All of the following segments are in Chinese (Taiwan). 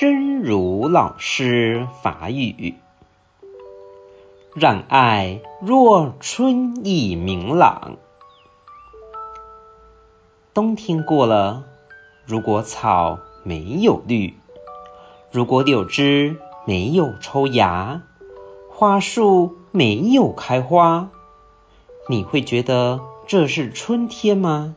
真如老師法語，讓愛若春意明朗。冬天過了，如果草沒有綠，如果柳枝沒有抽芽，花樹沒有開花，你會覺得這是春天嗎？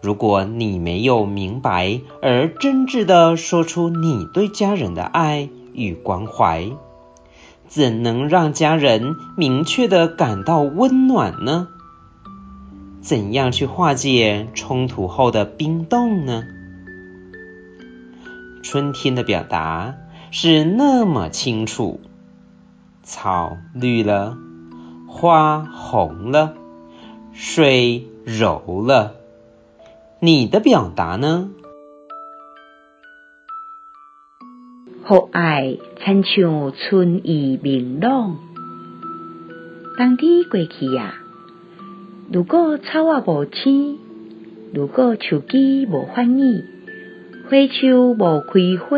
如果你沒有明白而真摯地說出你對家人的愛與關懷，怎能讓家人明確地感到溫暖呢？怎樣去化解衝突後的冰凍呢？春天的表達是那麼清楚，草綠了，花紅了，水柔了。你的表達呢？讓愛親像春意明朗，冬天過去呀、啊。如果草啊不青，如果樹枝不發芽，花樹不開花，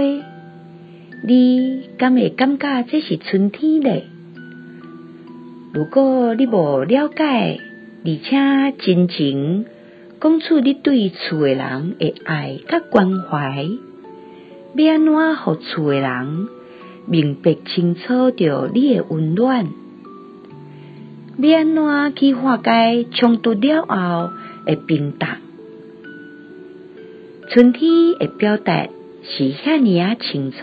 你會感覺這是春天嘞？如果你不了解，而且真情。講出你對厝誒人誒愛甲關懷，欲安怎？互厝誒人明白清楚着你誒溫暖，欲安怎？去化解衝突了後誒冰凍。春天誒表達是遐爾啊清楚，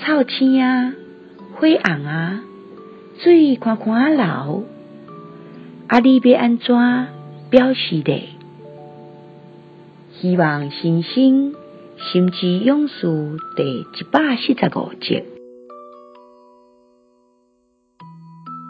草青啊，花紅啊，水緩緩流，啊你欲安怎？表示的，希望新生心,心之勇士第一百四十五集。